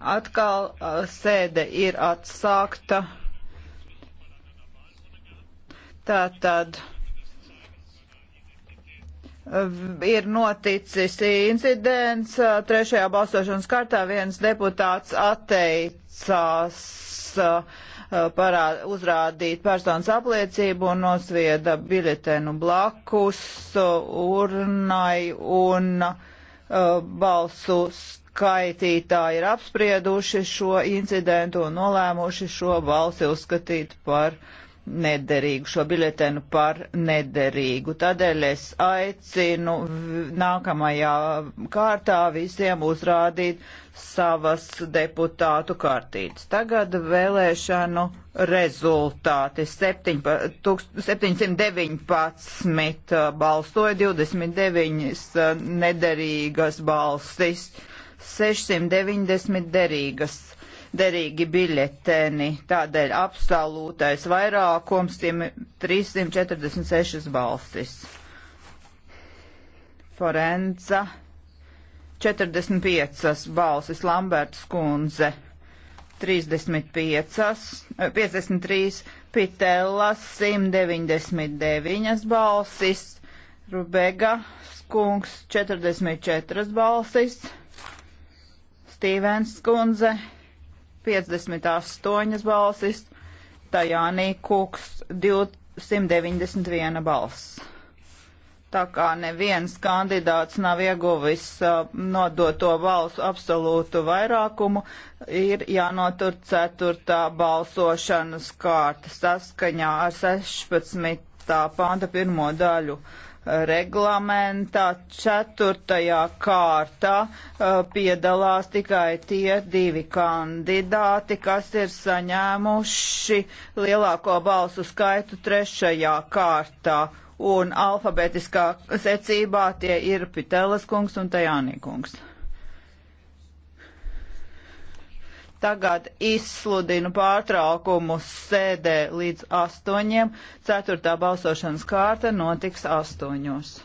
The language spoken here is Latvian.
Atkal äh, sēde ir atsākta. Tātad ir noticis incidents. Trešajā balsošanas kārtā viens deputāts atteicās parā, uzrādīt personas apliecību un nosvieda biļetenu blakus urnai un uh, Uh, balsu skaitītāji ir apsprieduši šo incidentu un nolēmuši šo balsi uzskatīt par nederīgu, šo biļetenu par nederīgu. Tādēļ es aicinu nākamajā kārtā visiem uzrādīt savas deputātu kartītes. Tagad vēlēšanu rezultāti. 719 uh, balsoja, 29 uh, nederīgas balsis, 690 derīgas balsis derīgi biļeteni. Tādēļ absolūtais vairākums 346 balsis. Forenza 45 balsis, Lamberts kundze 35, 53, Pitellas 199 balsis, Rubega skungs 44 balsis, Stīvens kundze 58 balsis, Tajānī Kuks 291 balss. Tā kā neviens kandidāts nav ieguvis uh, nodoto balsu absolūtu vairākumu, ir jānotur ceturtā balsošanas kārta saskaņā ar 16. panta pirmo daļu reglamentā ceturtajā kārtā uh, piedalās tikai tie divi kandidāti, kas ir saņēmuši lielāko balsu skaitu trešajā kārtā. Un alfabetiskā secībā tie ir Pitelas kungs un Tajānī kungs. Tagad izsludinu pārtraukumu sēdē līdz astoņiem. Ceturtā balsošanas kārta notiks astoņos.